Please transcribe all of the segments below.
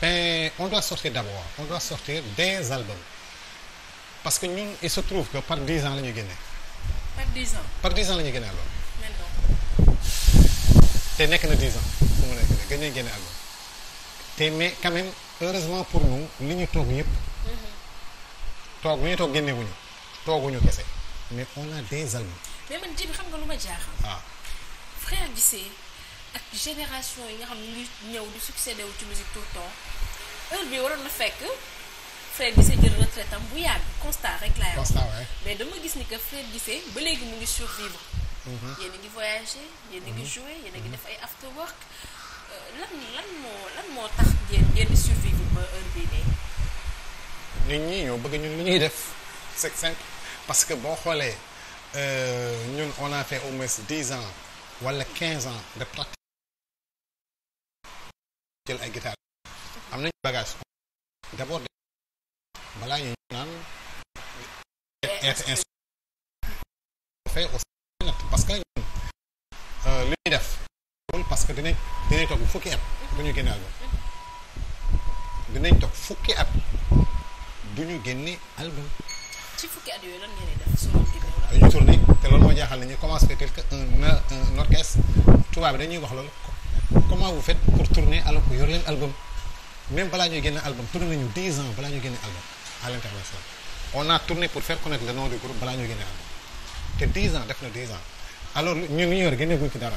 ben eh, on doit sortir d'abord on doit sortir des albums parce que ñun il se trouve que par dix ans la ñu génne. par dix ans par dix ans la ñu génne album. te nekk na dix ans fu mu nekk nii gën a génne album te mais quand même heureusement pour nous li ñu toog yëpp. Mm-hmm. toog li ñu toog génnewuñu tooguñu kese mais on a des albums. mais man waaw ak génération yi nga xam ne ngi ñëw di succédé wu ci musique tout le temps heure bi waroon na fekk Fred Guissé jël retraite am bu yàgg constat rek laay wax mais dama gis ni que Fred Guissé ba léegi mu ngi survivre mhm. yéen a ngi voyagé yéen ngi mhm. joué yéen ngi mhm. def ay after work euh, lan lan moo lan moo tax ngeen ngeen di survivre ba heure bii nit ñi ñoo bëgg ñun lu ñuy def c'est cinq parce que boo xoolee euh, ñun on a fait au moins dix ans wala quinze ans de pratique jël ay guitare am nañu bagage balaa ñu naan parce que euh, li ñuy def loolu parce que dinañ dinañ toog fukki at bu ñu génne album dinañ toog fukki at du ñu génne album ci fukki at yooyu lan te loolu moo jaaxal ne ñu commencé que quelque un un tubaab dañuy wax loolu comment vous faites pour tourner alors que yor leen album même balaa ñuy génne album tourné nañu 10 ans balaa ñuy génne album à l'international on a tourné pour faire connaître le nom du groupe balaa ñuy génne album te 10 ans def na 10 ans alors ñun ñu yor génne guñ ci dara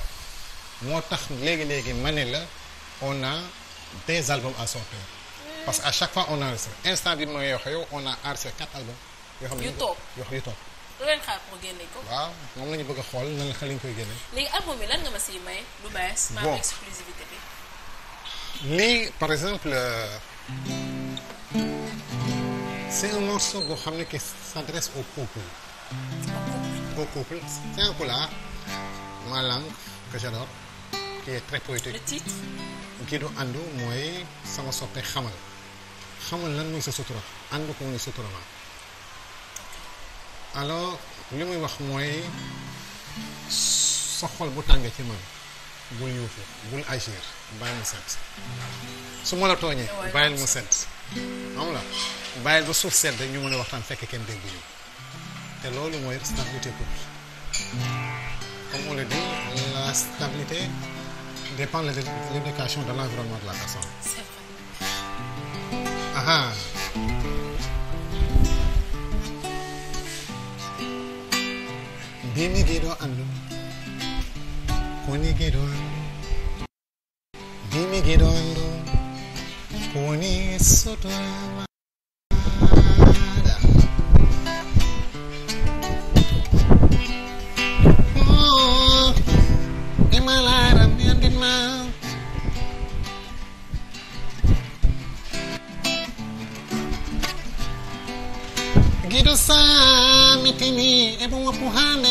moo tax léegi léegi ma ne la on a des albums à sortir parce que à chaque fois on enregistre instant bi ma wax yow on a enregistré 4 albums. yoo xam ne yu toog yoo xam yu toog. lu leen xaar pour génne ko. waaw moom la bëgg a xool nan la koy génne. lii par exemple euh, c'est un morceau boo xam ne ki s'adresse au couple. au couple c'est un polar ma langue que j'adore qui kii du àndu mooy sama soppe xamal xamal lan mooy sa sutura ànd ko mooy sutura ma alors li muy wax mooy sa bu tàng ci man bul yuuxu bul agir bàyyil mu set su ma la tooñee bàyyil mu set xam la bàyyil ba suuf sedd ñu mën a waxtaan fekk kenn dégg ñu te loolu mooy stabilité publique comme on le dit la stabilité dépend de l'éducation de l'environnement de la personne. ah, ah. Dimigido andu. Konigido andu. Dimigido andu. Koni soto ama. gido saa mitini ebu wapuhane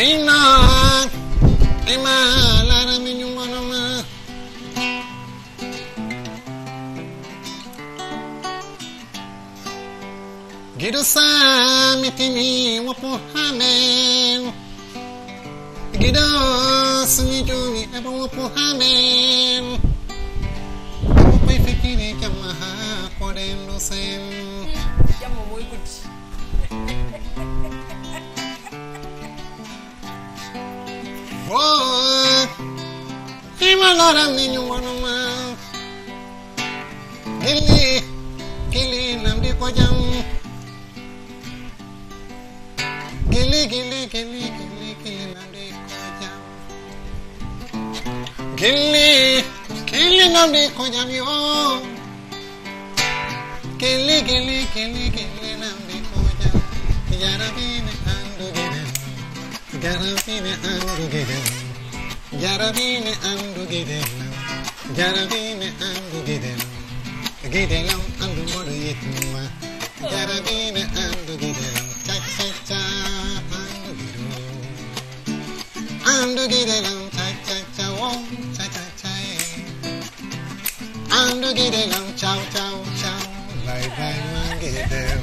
ina ima lara mi ñu manama gidu samitini wapo hamen gido sinijuni eba wapo hamen wapo ifikini kama hakorendo sen jamo muy loramiñu wonuma gilli gilli namdi ko jam gilli gilli gilli gilli gilli ko jam gilli gilli namdi ko jam yo gilli gilli gilli jam garabine andu gede garabine andu Yarabini andu gidelam, yarabini andu gidelam, gidelam andu bodu yetma. Yarabini andu gidelam, chak chak cha andu gidelam, andu gidelam chak chak cha eh. wong cha cha cha. Andu gidelam chow chow chow, bye bye mangidelam,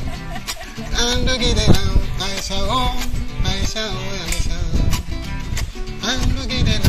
andu gidelam aisha wong aisha aisha, andu gidelam.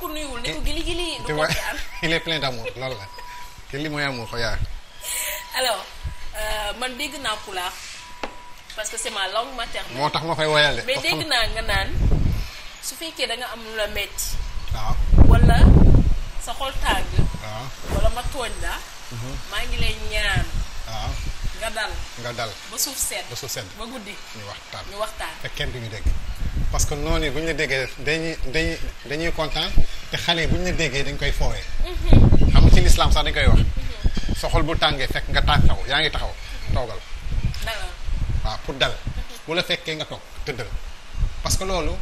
ko nuyuwul ne eh, ko gili gili. ko daan il est plein d'amour la euh, moo tax ma koy woyal de. naa su fekkee da am lu la metti ma la. Mhm. ngi lay ñaan. waaw nga dal. nga dal ba suuf sedd. ba guddi. ñu waxtaan ñu waxtaan. te kenn du ñu dégg. parce que noonu yi bu ñu ne déggee dañuy dañuy dañuy kontaan te xale yi bu ñu la déggee dañ koy foowee mhm. xam nga ci lislaam sax dañ koy wax soxol bu tàngee fekk nga tàng taw yaa ngi taxaw toogal waaw pour dal mhm. bu fekkee nga toog tëddal parce que loolu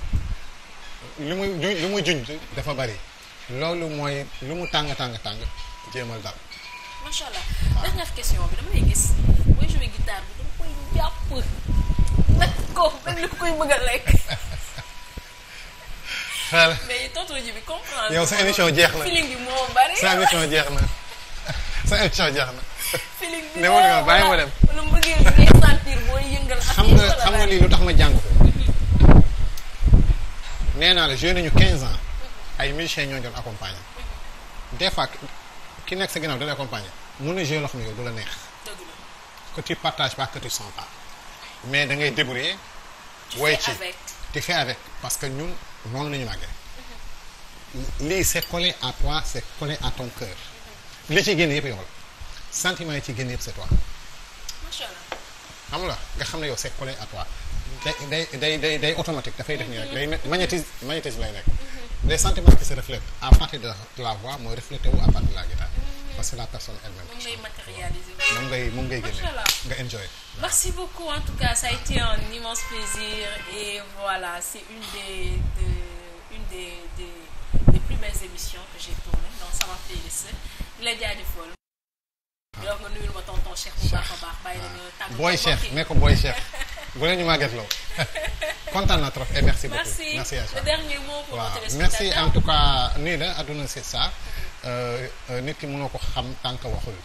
lu muy lu muy junj dafa bari loolu mooy lu mu tàng tàng tàng jéemal dal voilà yow sa émission jeex na sa émission jeex na sa émission jeex na. feeling bi ne woon bàyyi ma dem. xam nga xam nga lii lu tax ma jàng ko. nee naa la joué nañu 15 ans ay musiciens ñoo doon accompagner des fois ki nekk sa ginnaaw da lay accompagner mun na joué loo xam yow du la neex. que tu partages pas que tu sens pas mais da ngay woy ci tu fais avec parce que ñun. noonu la ñu màggee lii c'est collé à toi c'est collé à ton cœur li ci génn yëpp yow la sentiment yi ci génn yëpp c'est toi. macha allah nga xam ne yow c'est collé à toi day day day day automatique dafay def nii rek day magnétisme magnétisme lay nekk mhm. les sentiments qui se reflètent à partir de la voix mooy reflété wu à partir parce que la personne elle-même. mu ngay matérialiser nga enjoy. merci beaucoup en tout cas ça a été un immense plaisir et voilà c'est une des de une des des des plus émissions que j'ai tournées donc sama playlist ko booy ah. Cheikh. bu leen ñu màgget loo kontaan et merci beaucoup. merci à toi. le merci en tout cas nii la adduna c'est ça. Euh, euh, nit ki mënoo ko xam tànk waxul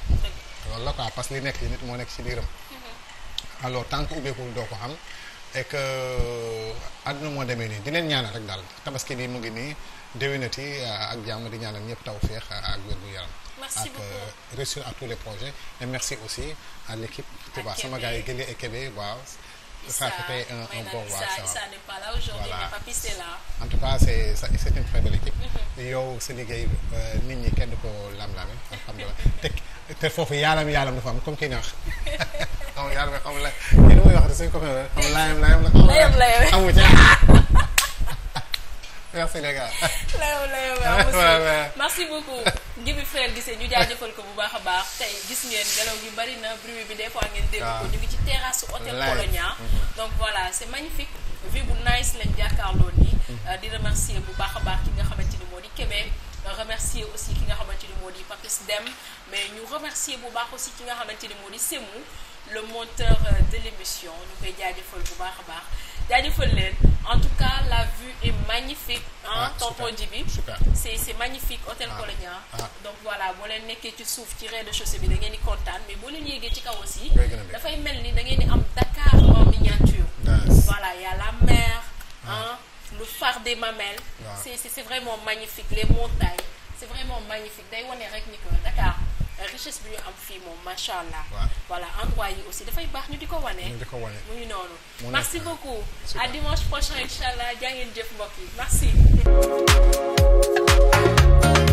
loolu la quoi parce que li nekk ci nit moo nekk ci biiram mm-hmm. alors tànk ubbeekul doo ko xam et que euh, àdduna moo demee nii di leen ñaanal rek daal tabaski bi mu ngi nii déwénati ak jàmm di ñaanal ñëpp taw feex ak wér yaram merci beaucoup ak réussir à tous les projets et merci aussi à l'équipe tu sama gars yi Guélé et Kébé waaw ça, c'était un, un bon ça, ça, ça n'est pas est là. En tout cas, c'est c'est une très belle équipe. Mm-hmm. yow sa liggéey euh, nit ñi kenn du ko lam-lame alhamdulilah te te foofu yaalam yaalam dafa am comme kii naax xam yaalam xam la yéen mooy wax de suñ euh, ko xam laayam laayam la amu ca merci les gars. léew léew waaw merci beaucoup. Djiby Frère Guissé ñu jaajëfal ko bu baax a baax tey gis ngeen ngelaw gi bari na bruit bi des fois ngeen dégg ko ah. ñu ngi ci terrasse hôtel Colonia. Mhm. donc voilà c'est magnifique. vue bu nice lañ jàkkaarloo nii. Mhm. Euh, di remercier bu baax a baax ki nga xamante ni moo di Kébé. remercier aussi ki nga xamante ni moo di Papis Dem mais ñu remercier bu baax aussi ki nga xamante ni moo di le monteur euh, de l'émission ñu koy jaajëfal bu baax a baax jaajëfal leen. magnifique ah Tompoji bi c'est c'est magnifique hôtel ah. a ah. donc voilà boo leen nekkee ci suuf ci rez-de-chaussée bi da ngeen di kontaan mais boo leen yéegee ci kaw aussi dafay mel ni da ngeen di am Dakar en miniature voilà y a la mer ah le phare des Mamelles c'est c'est vraiment magnifique les montagnes c'est vraiment magnifique day wone rek ni ko Dakar richesse bi ñu am fii moom macha allah. voilà endroit yi aussi dafay baax ñu di ko wane. ñu di ko wane mu ngi noonu. merci beaucoup à dimanche prochain incha allah jaa ngeen jëf mbokk yi